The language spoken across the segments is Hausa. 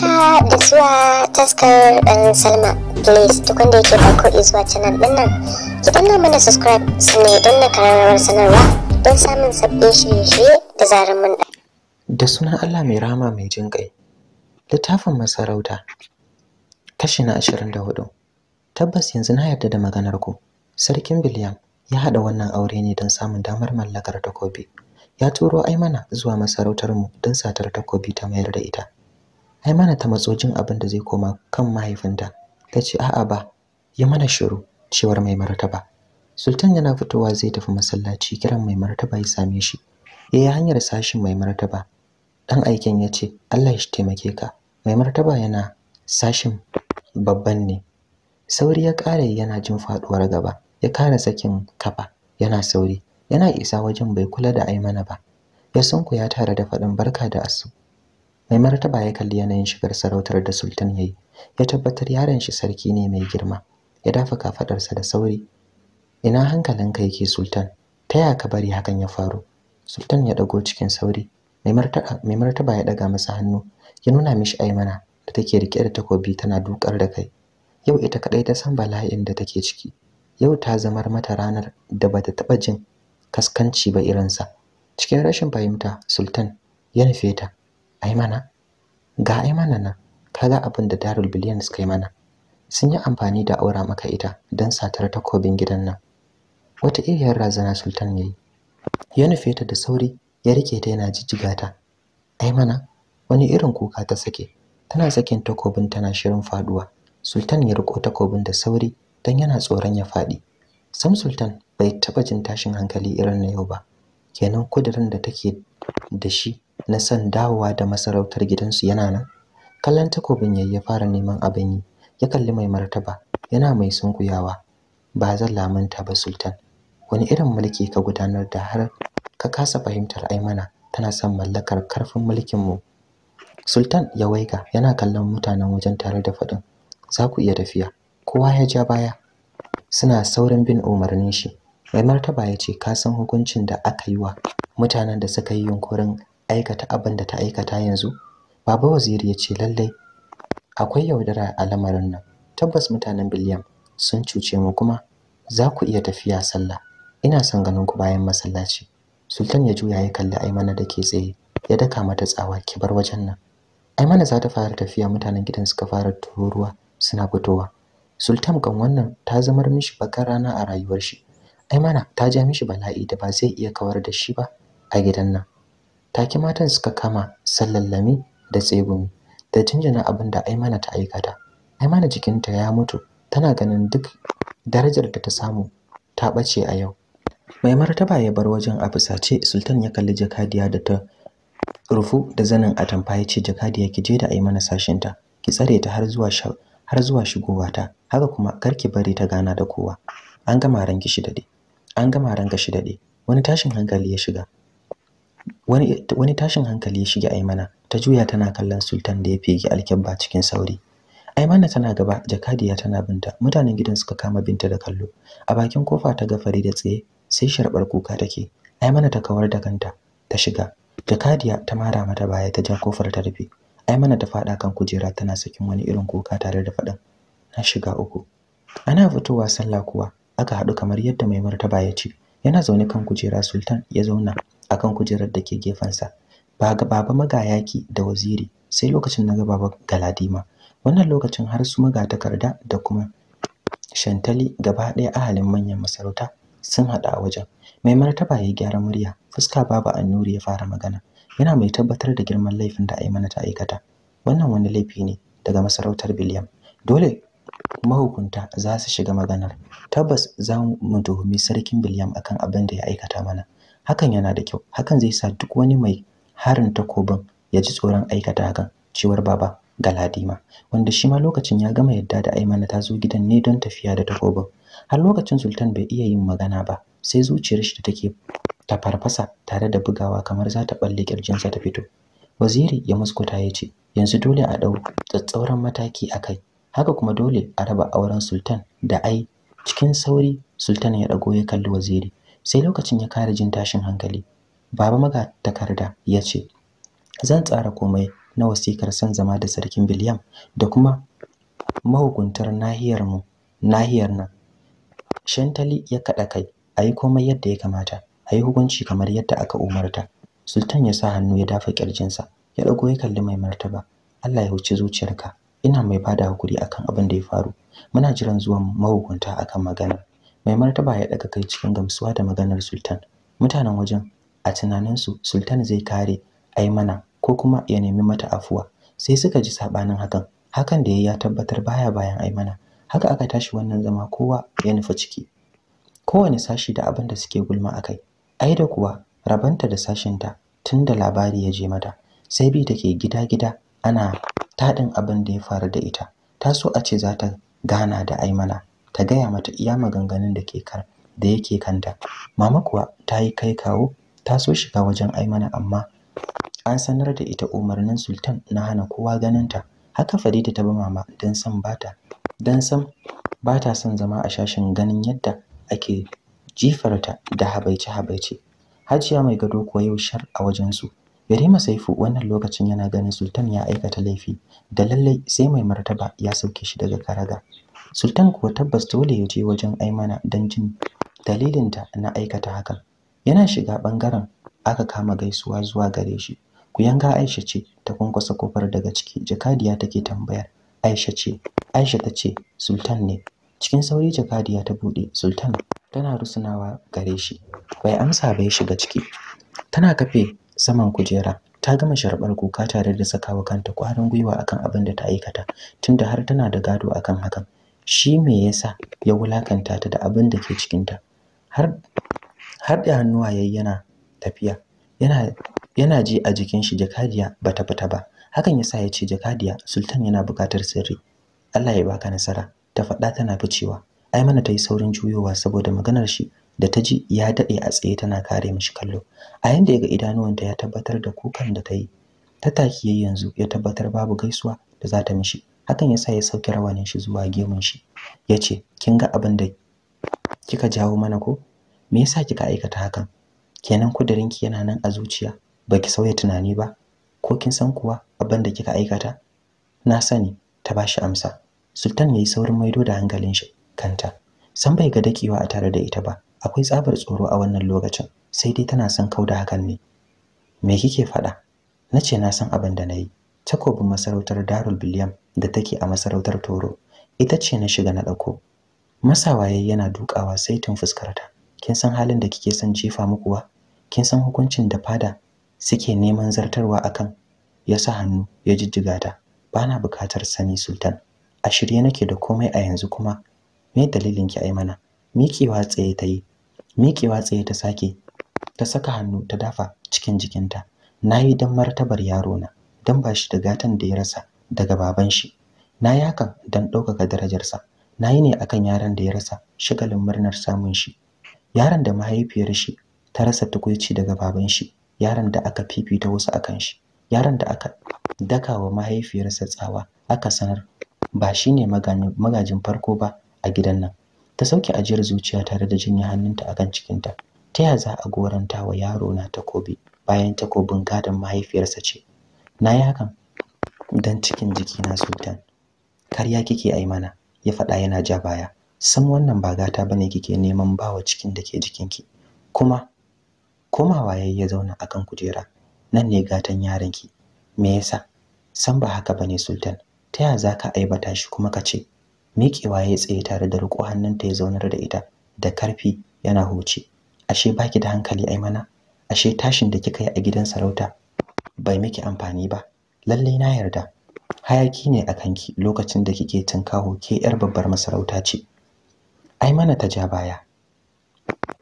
haka ah, da zuwa taskar ɗan um, salma please duk wanda yake farko izuwa canal ɗin nan ki danna mana subscribe sannan don na kararrawar sanarwa don samun sabbin shirye-shirye da zarar mun da da sunan allah mai rama mai jin kai littafin masarauta kashi na ashirin da hudu tabbas yanzu na yarda da maganar ku sarkin biliyam ya haɗa wannan aure ne don samun damar mallakar takobi ya turo aimana zuwa masarautar mu don satar takobi ta mayar da ita ai mana ta matsojin jin abin da zai koma kan mahaifinta ta ce a'a ba yi mana shiru cewar mai martaba sultan yana fitowa zai tafi masallaci kiran mai martaba ya same shi yayi hanyar sashin mai martaba dan aikin ya ce Allah shi taimake ka mai martaba yana sashin babban ne sauri ya kare yana jin faɗuwar gaba ya kare sakin kafa yana sauri yana isa wajen bai kula da aimana ba ya sunku ya tare da faɗin barka da asu mai martaba ya kalli yanayin shigar sarautar da sultan yayi ya tabbatar yaron shi sarki ne mai girma ya dafa kafadarsa da sauri ina hankalinka yake sultan ta ya ka bari hakan ya faru sultan ya dago cikin sauri mai martaba ya daga masa hannu ya nuna mishi aimana da take rike da takobi tana dukar da kai yau ita kadai ta san bala'in da take ciki yau ta zamar mata ranar da bata taba jin kaskanci ba irinsa cikin rashin fahimta sultan ya nufe ai mana ga ai mana nan kaga abin da darul Billions suka mana sun yi amfani da aura maka ita don satar takobin gidan nan wata iriyar razana sultan ne ya nufe ta da sauri ya rike ta yana jijjiga ta ai mana wani irin kuka ta sake tana sakin takobin tana shirin faduwa sultan ya riko takobin da sauri don yana tsoron ya faɗi sam sultan bai taɓa jin tashin hankali irin na yau ba kenan kudirin da take da shi na san dawowa da masarautar gidansu yana nan kallon takobin yayi ya fara neman abin yi ya kalli mai martaba yana mai sunkuyawa ba zan lamunta ba sultan wani irin mulki ka gudanar da har ka kasa fahimtar aimana tana son mallakar karfin mulkin mu sultan ya waiga yana kallon mutanen wajen tare da faɗin za ku iya tafiya kowa ya ja baya suna saurin bin umarnin shi mai martaba ya ce ka san hukuncin da aka yi wa mutanen da suka yi yunkurin aikata abin da ta aikata yanzu baba waziri ya ce lallai akwai yaudara a lamarin nan tabbas mutanen biliyan sun cuce mu kuma za ku iya tafiya sallah ina son ganin ku bayan masallaci sultan ya juya ya kalli aimana da ke tsaye ya daka mata tsawa ki bar wajen nan aimana za ta fara tafiya mutanen gidan suka fara tururuwa suna fitowa sultan kan wannan ta zamar mishi bakar rana a rayuwar shi aimana ta ja mishi bala'i da ba zai iya kawar da shi ba a gidan nan take matan suka kama sallallami da tsegumi da jinjina abin da aimana ta aikata aimana jikinta ya mutu tana ganin duk darajar da ta samu ta ɓace a yau mai martaba ya bar wajen a fusace sultan ya kalli jakadiya da ta rufu da zanin atamfa ya ce jakadiya ki je da aimana sashinta ki tsare ta har zuwa har zuwa shigowata haka kuma kar ki bari ta gana da kowa an gama ranki shi dade an gama ranka shi dade wani tashin hankali ya shiga wani tashin hankali ya shiga Aimana ta juya tana kallon Sultan da ya fege alkebba cikin sauri Aimana tana gaba Jakadiya tana binta mutanen gidan suka kama binta da kallo a bakin kofa ta ga fari da tsaye sai sharbar kuka take Aimana ta kawar da kanta ta shiga Jakadiya ta mara mata baya ta ja kofar ta rufe Aimana ta fada kan kujera tana sakin wani irin kuka tare da faɗin na shiga uku ana fitowa sallah kuwa aka haɗu kamar yadda mai martaba ya ce yana zaune kan kujera sultan ya zauna akan kujerar da ke gefensa ba ga baba magayaki da waziri sai lokacin na ga baba galadima wannan lokacin har su maga magatakarda da kuma shantali gaba ɗaya ahalin manyan masarauta sun haɗu a wajen mai martaba ya gyara murya fuska baba annuri ya fara magana yana mai tabbatar da girman laifin da mana ta aikata wannan wani laifi ne daga masarautar biliyam dole mahukunta za su shiga maganar tabbas za mu tuhumi sarkin biliyam akan abin da ya aikata mana hakan yana da kyau hakan zai sa duk wani mai harin takobin ya ji tsoron aikata hakan cewar baba galadima wanda shi ma lokacin ya gama yadda da aimana ta zo gidan ne don tafiya da takobin har lokacin sultan bai iya yin magana ba sai zuciyar shi da take ta farfasa tare da bugawa kamar za ta balle kirjinsa ta fito waziri ya muskuta ya ce yanzu dole a ɗau tsatsauran mataki a kai haka kuma dole a raba auren sultan da ai cikin sauri sultan ya ɗago ya kalli waziri sai lokacin ya kare jin tashin hankali baba maga takarda ya ce zan tsara komai na wasikar san zama da sarkin biliyam da kuma mahukuntar nahiyar mu nahiyar nan shantali ya kaɗa kai a yi komai yadda ya kamata a yi hukunci kamar yadda aka umarta sultan ya sa hannu ya dafa kirjinsa ya dago ya kalli mai martaba Allah ya huce zuciyarka ina mai bada hakuri akan abin da ya faru muna jiran zuwan mahukunta akan magana mai martaba ya daga kai cikin gamsuwa da maganar sultan mutanen wajen a tunaninsu sultan zai kare aimana ko kuma ya nemi mata afuwa sai suka ji sabanin hakan hakan da ya tabbatar baya bayan aimana haka aka tashi wannan zama kowa ya nufa ciki kowane sashi da abin da suke gulma a kai, ai da kuwa rabanta da sashinta tun da labari ya je mata sai bi take gida-gida ana taɗin abin da ya faru da ita ta so a ce za ta gana da aimana ta gaya mata iya maganganun da ke kar da yake kanta mama kuwa ta yi kai kawo ta so shiga wajen aimana amma an sanar da ita umarnin sultan na hana kowa ganinta haka farida ta ba mama don san bata don san bata son zama a shashin ganin yadda ake jifarta da habaice habaice hajiya mai gado kuwa yau shar a wajensu yarima saifu wannan lokacin yana ganin sultan ya aikata laifi da lallai sai mai martaba ya sauke shi daga karaga Sultan kuwa tabbas dole ya je wajen Aimana don jin dalilinta na aikata hakan. Yana shiga ɓangaren aka kama gaisuwa zuwa gare shi. Kuyanga Aisha ce ta kwankwasa kofar daga ciki. Jakadiya take tambayar Aisha ce. Aisha ta ce Sultan ne. Cikin sauri jakadiya ta buɗe. Sultan tana rusunawa gare shi. Bai amsa ba ya shiga ciki. Tana kafe saman kujera. Ta gama sharɓar kuka tare da sakawa kanta ƙwarin gwiwa akan abin da ta aikata, tunda har tana da gado akan hakan. shi me yasa ya wulakanta ta da abin da ke cikinta har har da hannuwa yayi yana tafiya yana yana ji a jikin shi jakadiya bata fita ba hakan yasa ya ce jakadiya sultan yana buƙatar sirri Allah ya baka nasara ta faɗa tana ficewa ai mana ta yi saurin juyowa saboda maganar shi da ta ji ya daɗe a tsaye tana kare mishi kallo a yanda ya ga idanuwanta ya tabbatar da kukan da ta yi ta taki yanzu ya tabbatar babu gaisuwa da za ta mishi hakan yasa ya sauke rawanin shi zuwa gemun shi yace kin ga abin da kika jawo mana ko me yasa kika aikata hakan kenan kudirinki yana nan a zuciya baki sauya tunani ba ko kin san kuwa abin da kika aikata na sani ta bashi amsa sultan yayi saurin maido da hankalin shi kanta san bai ga dakewa a tare da ita ba akwai tsabar tsoro a wannan lokacin sai dai tana son kauda hakan ne me kike faɗa nace na san abin da na yi. takobin masarautar Darul Biliyam da take a masarautar Toro ita ce na shiga na dauko Masawaye yana dukawa sai tun fuskarta. Kin san halin da kike son jefa mu kuwa? Kin san hukuncin da fada suke neman zartarwa akan? Ya sa hannu ya jijjiga ta. Bana bukatar sani Sultan. A shirye nake da komai a yanzu kuma. Me dalilin ki ai mana? Miƙewa tsaye ta yi. Miƙewa tsaye ta sake. Ta saka hannu ta dafa cikin jikinta. Nayi dan martabar yaro na. dan ba shi da gatan da ya rasa daga baban shi na yi hakan don ɗaukaka darajarsa na yi ne akan yaran da ya rasa shigalin murnar samun shi yaran da mahaifiyar shi ta rasa tukuici daga baban shi yaran da aka fifita wasu akan shi yaran da aka daka wa mahaifiyarsa tsawa aka sanar ba shi ne magajin farko ba a gidan nan ta sauke ajiyar zuciya tare da jinya hannunta akan cikinta ta ya za a goranta wa yaro na takobi bayan takobin gadon mahaifiyarsa ce na yi hakan don cikin na sultan karya kike ai mana ya faɗa yana ja baya san wannan ba gata bane kike neman bawa cikin da ke jikinki kuma komawa yayi ya zauna akan kujera nan ne gatan yaranki me yasa san ba haka bane sultan ta ya zaka aibata shi kuma ka ce miƙewa ya tsaye tare da riƙo hannunta ya zaunar da ita da karfi yana huce ashe baki da hankali ai mana ashe tashin da kika yi a gidan sarauta bai miki amfani ba Lallai na yarda hayaki ne a kanki lokacin da kike tinkaho ke yar babbar masarauta ce ai mana ta ja baya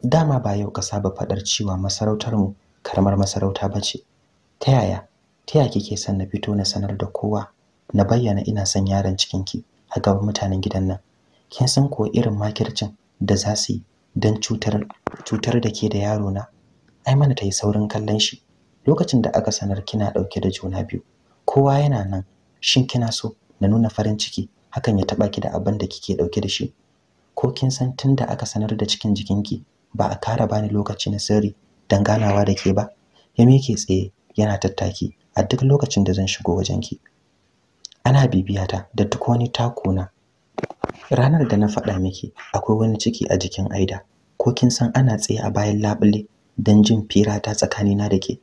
dama ba yau ka saba fadar cewa masarautar mu karamar masarauta bace ta yaya ta yaya kike son na fito na sanar da kowa na bayyana ina son yaran cikin ki a gaban mutanen gidan nan kin san ko irin makircin da za su yi don cutar cutar da ke da yaro na ai mana ta yi saurin kallon shi lokacin da aka sanar kina dauke da juna biyu kowa yana nan shin kina so na nuna farin ciki hakan ya taɓa ki da abin da kike dauke da shi ko kin san tun da aka sanar da cikin jikinki ba a kara bani lokaci na sirri dan ganawa da ke ba ya ke tsaye yana tattaki a duk lokacin da zan shigo wajenki ana bibiyata da duk wani takuna ranar da na faɗa miki akwai wani ciki a jikin aida ko kin san ana tsaye a bayan labule dan jin fira ta tsakanina da ke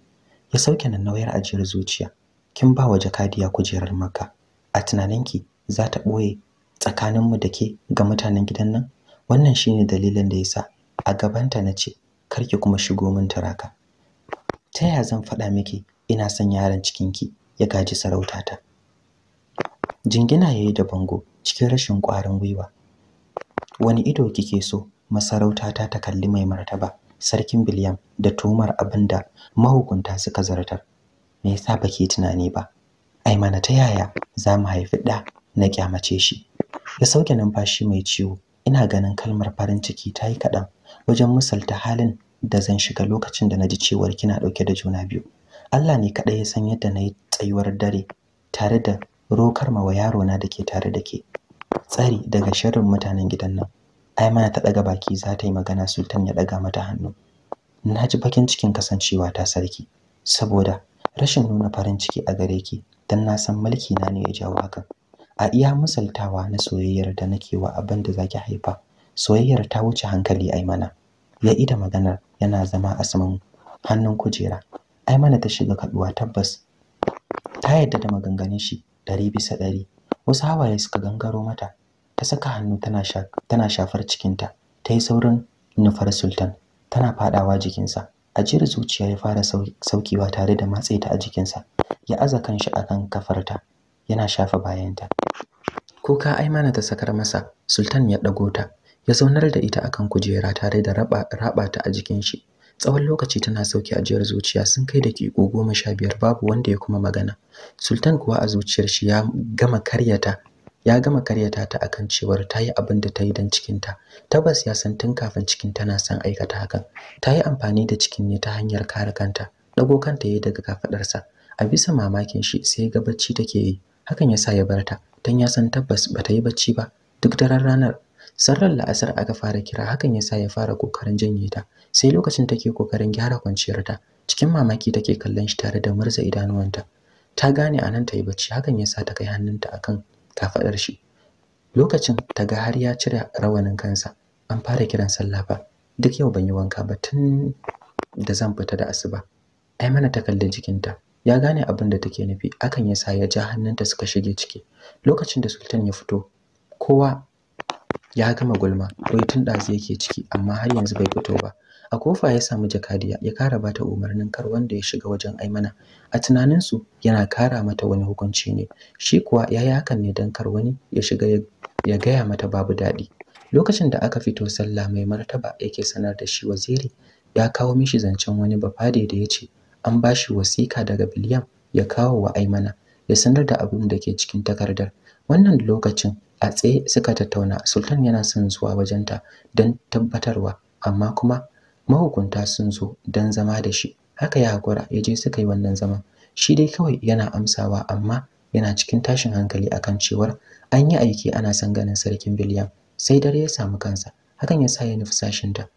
ya sauke nan nauyar ajiyar zuciya kin ba wa jakadiya kujerar maka a tunaninki za ta ɓoye tsakaninmu da ke ga mutanen gidan nan wannan shine dalilin da yasa a gabanta na ce kar ki kuma shigo min turaka ta ya zan faɗa miki ina son yaron cikinki ya gaji sarautata jingina yayi da bango cikin rashin ƙwarin gwiwa wani ido kike so masarautata ta kalli mai martaba sarkin Biliyam da tuhumar abin da mahukunta suka zartar. Me yasa baki tunani ba? Ai mana ta yaya za mu haifi ɗa na kyamace shi? Ya sauke numfashi mai ciwo, ina ganin kalmar farin ciki ta yi kaɗan wajen misalta halin da zan shiga lokacin da na ji cewar kina ɗauke da juna biyu. Allah ne kaɗai ya san yadda na yi tsayuwar dare tare da rokar wa yarona da ke tare da ke. Tsari daga sharrin mutanen gidan nan. ai mana ta ɗaga baki za ta yi magana Sultan ya ɗaga mata hannu. Na ji bakin cikin kasancewa ta sarki saboda rashin nuna farin ciki a gare ki dan na san mulki na ne ya jawo hakan. A iya misaltawa na soyayyar da nake wa abin da zaki haifa. Soyayyar ta wuce hankali mana Ya ida maganar yana zama a saman hannun kujera. mana ta shiga kaduwa tabbas. Ta yadda da maganganun shi ɗari bisa ɗari. Wasu hawaye suka gangaro mata saka hannu tana shafar cikinta ta yi saurin nufar sultan tana fadawa jikinsa ajiyar zuciya ya fara saukewa tare da matse ta a jikinsa ya aza kanshi akan kafarta yana shafa bayanta kuka aimana ta sakar masa sultan ya dago ta ya zaunar da ita akan kujera tare da raba, raba ta a jikin shi tsawon lokaci tana sauke ajiyar zuciya sun kai kiko goma sha biyar babu wanda ya kuma magana sultan kuwa a zuciyar shi ya gama karyata ya gama karyata ta akan cewar ta yi abin da ta yi don cikinta tabbas ya san tun kafin cikin tana son aikata hakan ta yi amfani da cikin ne ta hanyar kare kanta ɗago kanta ya daga kafaɗarsa a bisa mamakin shi sai ga bacci take yi hakan ya sa ya bar ta don ya san tabbas ba ta yi bacci ba duk daren ranar sarrar la'asar aka fara kira hakan ya sa ya fara kokarin janye ta sai lokacin take kokarin gyara kwanciyar ta cikin mamaki take kallon shi tare da murza idanuwanta ta gane a nan ta yi bacci hakan ya sa ta kai hannunta akan faɗar shi lokacin ta ga har ya cire rawanin kansa an fara kiran sallah fa duk yau ban yi wanka ba tun da zan fita da asuba ai mana ta kalli jikinta ya gane abin da take nufi akan yasa ya ja hannunta suka shige ciki lokacin da sultan ya fito kowa ya gama gulma wai tun ɗazu yake ciki amma har yanzu bai fito ba a kofa ya samu jakadiya ya kara bata umarnin kar wanda ya shiga wajen aimana a tunaninsu yana kara mata wani hukunci ne shi kuwa ya yi hakan ne don kar wani ya shiga ya gaya mata babu daɗi lokacin da aka fito sallah mai martaba yake sanar da shi waziri ya kawo mishi zancen wani bafade da ya ce an ba shi wasiƙa daga biliyam ya kawo wa aimana ya sanar da abin da ke cikin takardar wannan lokacin a tsaye suka tattauna sultan yana son zuwa wajenta don tabbatarwa amma kuma mahukunta sun zo don zama da shi haka ya hakura ya je suka yi wannan zaman shi dai kawai yana amsawa amma yana cikin tashin hankali akan cewar an yi aiki ana son ganin sarkin biliyan sai dare ya samu kansa hakan ya sa ya nufi sashinta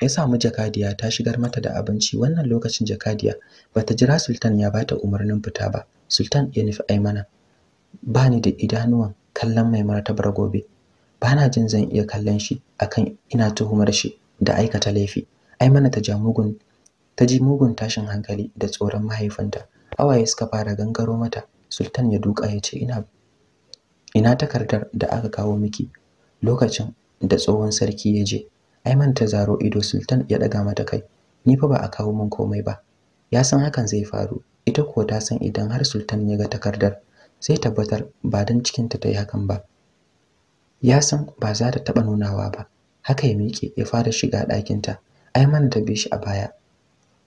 ya samu jakadiya ta shigar mata da abinci wannan lokacin jakadiya bata jira sultan ya bata umarnin fita ba sultan ya nufi aimana ba ni da idanuwan kallon mai martabar gobe Ba na jin zan iya kallon shi akan ina tuhumar shi da aikata laifi ai mana ta ja mugun ta ji mugun tashin hankali da tsoron mahaifinta hawaye suka fara gangaro mata sultan ya duka ya ce ina takardar da aka kawo miki lokacin da tsohon sarki ya je Ai mana ta zaro ido sultan ya daga mata kai ni fa ba a kawo min komai ba ya san hakan zai faru ita ko ta san idan har sultan ya ga takardar zai tabbatar ba don cikinta ta yi hakan ba ya san ba za ta taɓa nunawa ba haka ya miƙe ya fara shiga ɗakinta mana ta bi shi a baya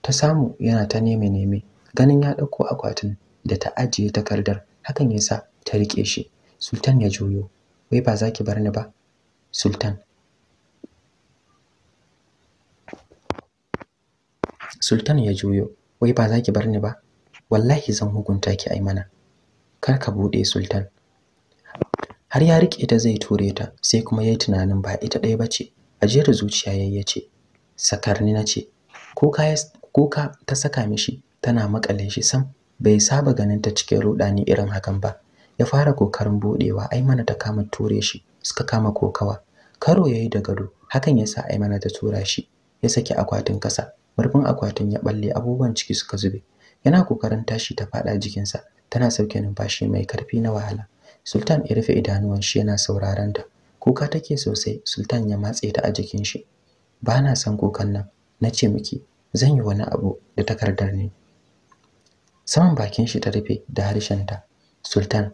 ta samu yana ta neme neme ganin ya ɗauko akwatin da ta ajiye takardar hakan ya sa ta riƙe shi sultan ya juyo wai ba za ki bar ni ba sultan sultan ya juyo wai ba za ki bar ni ba wallahi zan hukunta ki ai mana kar ka buɗe sultan har ya rike ta zai ture ta sai kuma ya tunanin ba ita ɗaya bace ce ajiyar zuciya ya ce sakarni na ce kuka ta saka mishi tana makale shi sam bai saba ganin ta cikin rudani irin hakan ba ya fara kokarin ai mana ta kama ture shi suka kama kokawa karo yayi da gado hakan yasa mana ta tura shi ya saki akwatin kasa murfin akwatin ya balle abubuwan ciki suka zube yana kokarin tashi ta faɗa jikinsa tana sauke numfashi mai karfi na wahala sultan ya rufe idanuwan shi yana sauraron ta kuka take sosai sultan ya matse ta a jikin shi ba na son kukan nan na ce miki zan yi wani abu da takardar ne saman bakin shi ta rufe da harshen ta sultan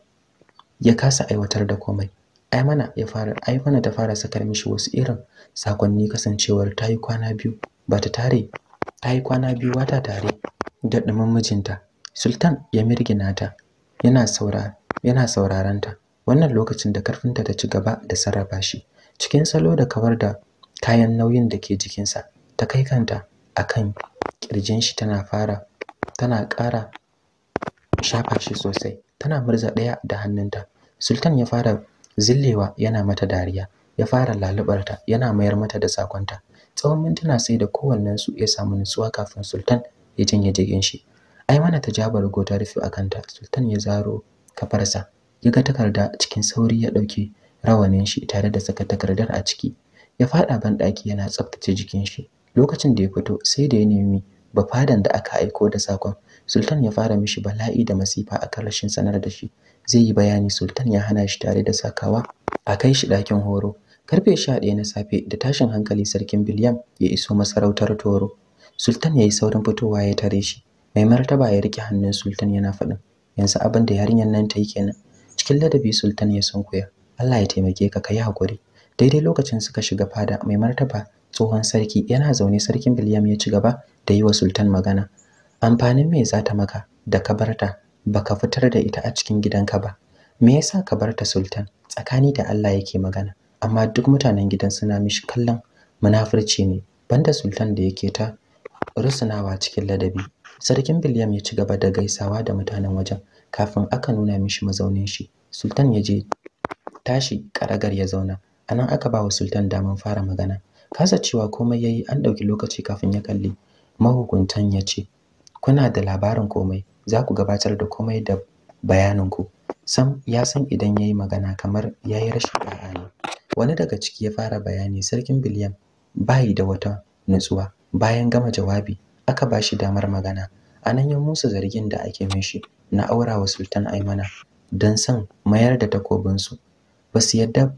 ya kasa aiwatar da komai ai mana ya fara ai mana ta fara sakar mishi wasu irin sakonni kasancewar tayi kwana biyu ba ta tare ta yi kwana biyu wata tare da ɗumin mijinta Sultan ya mirgina ta yana saura yana sauraron ta wannan lokacin da karfinta ta ci gaba da sarrafa shi cikin salo da kawar da kayan nauyin da ke jikinsa ta kai kanta akan kirjin shi tana fara tana ƙara shafa shi sosai tana murza ɗaya da hannunta sultan ya fara zillewa yana mata dariya ya fara lalubarta yana mayar mata da sakonta tsawon mintuna sai da su ya samu nutsuwa kafin sultan ya janye jigin shi ai mana ta ja ta rufe a kanta sultan ya zaro kafarsa ya ga takarda cikin sauri ya ɗauki rawanin shi tare da saka takardar a ciki ya faɗa ban yana tsaftace jikin shi lokacin da ya fito sai da ya nemi bafadan da aka aiko da sakon sultan ya fara mishi bala'i da masifa a karshen sanar da shi zai yi bayani sultan ya hana shi tare da sakawa a kai shi ɗakin horo karfe sha na safe da tashin hankali sarkin biliyam ya iso masarautar toro sultan ya yi saurin fitowa ya tare shi mai martaba ya rike hannun sultan yana faɗin yanzu abin da yarinyar nan ta yi kenan cikin ladabi sultan ya sunkuya Allah ya taimake ka ka yi hakuri daidai lokacin suka shiga fada mai martaba tsohon sarki yana zaune sarkin Biliyam ya ci gaba da yi wa sultan magana amfanin me za ta maka da ka barta baka fitar da ita a cikin gidanka ba me yasa ka barta sultan tsakani da Allah yake magana amma duk mutanen gidan suna mishi kallon munafurci ne banda sultan da yake ta rusunawa cikin ladabi sarkin Biliyam ya ci gaba da gaisawa da mutanen wajen kafin aka nuna mishi mazaunin shi sultan ya je tashi karagar ya zauna anan aka ba wa sultan damar fara magana kasa cewa komai yayi an dauki lokaci kafin ya kalli mahukuntan ya ce kuna da labarin komai za ku gabatar da komai da bayaninku sam ya san idan yayi magana kamar yayi rashin da'a wani daga ciki ya fara bayani sarkin Biliyam bayi da wata nutsuwa bayan gama jawabi aka ba shi damar magana a nan ya musu zargin da ake mishi na aura wa sultan aimana don san mayar da takobinsu ba su yadda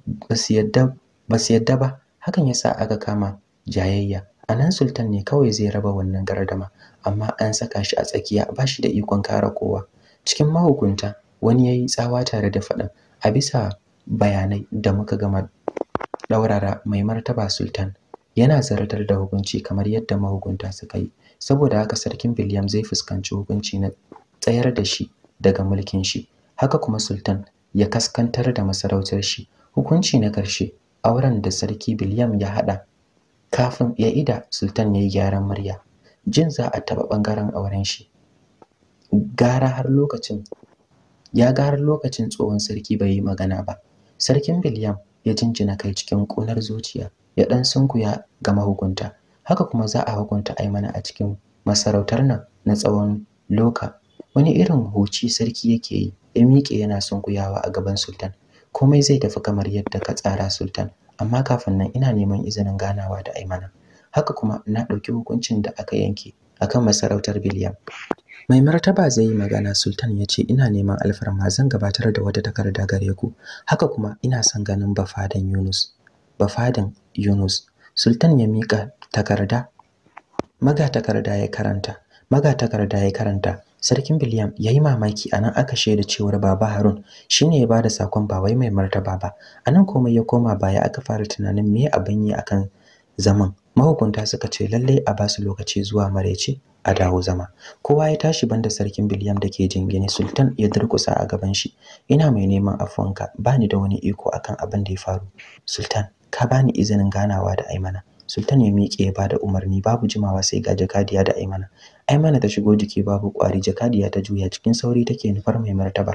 ba hakan ya sa aka kama jayayya a nan sultan ne kawai zai raba wannan gardama amma an saka shi a tsakiya ba shi da ikon kare kowa cikin mahukunta wani ya yi tsawa tare da faɗin a bisa bayanai da muka gama ɗaurara mai martaba sultan yana zartar da hukunci kamar yadda mahukunta suka yi saboda haka sarkin William zai fuskanci hukunci na tsayar da shi daga mulkin shi haka kuma sultan ya kaskantar da masarautar shi hukunci na karshe auren da sarki William ya hada kafin ya ida sultan ya yi gyaran murya jin za a taba bangaren auren shi gara har lokacin ya gara lokacin tsohon sarki bai yi magana ba sarkin William ya jinjina kai cikin ƙunar zuciya ya ɗan sunkuya ga mahukunta haka kuma za a hukunta aimana a cikin masarautar nan na tsawon loka wani irin huci sarki yake yi ya miƙe yana sunkuyawa a gaban sultan komai zai tafi kamar yadda ka tsara sultan amma kafin nan ina neman izinin ganawa da aimana haka kuma na ɗauki hukuncin da aka yanke akan masarautar biliyam mai martaba zai yi magana sultan ya ce ina neman alfarma zan gabatar da wata takarda gare ku haka kuma ina son ganin bafadan yunus bafadan yunus sultan ya mika takarda maga takarda ya karanta maga takarda ya karanta sarkin biliyam ya yi mamaki anan aka shaida cewar baba harun shine ya bada sakon ba wai mai martaba ba anan komai ya koma baya aka fara tunanin me abin yi akan zaman mahukunta suka ce lallai a basu lokaci zuwa maraice a dawo zama kowa ya tashi banda sarkin biliyam da ke jingine sultan ya durkusa a gaban shi ina mai neman afuwanka bani da wani iko akan abin da ya faru sultan ka bani izinin ganawa da aimana sultan ya miƙe ya bada umarni babu jimawa sai ga jakadiya da aimana aimana ta shigo jiki babu ƙwari jakadiya ta juya cikin sauri take nufar mai martaba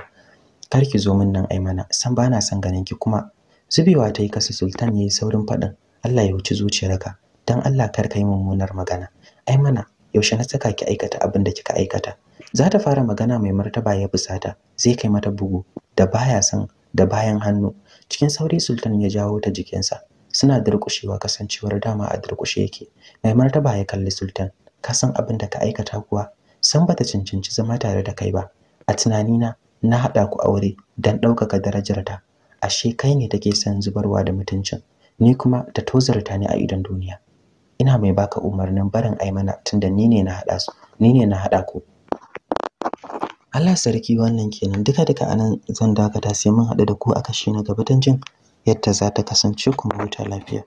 kar ki zo min nan aimana san bana son ganin ki kuma zubewa ta yi kasa sultan ya yi saurin faɗin allah ya wuci zuciyarka don allah kar ka yi mummunar magana aimana yaushe na saka ki aikata abin da kika aikata za ta fara magana mai martaba ya busata zai kai mata bugu da baya san da bayan hannu cikin sauri sultan ya jawo ta jikinsa suna durƙushewa kasancewar dama a durƙushe yake mai martaba ya kalli sultan ka san abin da ka aikata kuwa san bata cincinci zama tare da kai ba a tunanina na haɗa ku aure don ɗaukaka darajar ta ashe kai ne take son zubarwa da mutuncin ni kuma ta tozarta ne a idan duniya ina mai baka umarnin barin Aimana tunda ni ne na haɗa su ni ne na hada ku Allah sarki wannan kenan duka duka anan zan dakata sai mun haɗu da ku a kashi na gaba don jin yadda za ta kasance kuma wuta lafiya